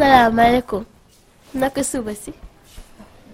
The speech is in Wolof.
salaamaaleykum naka suba si.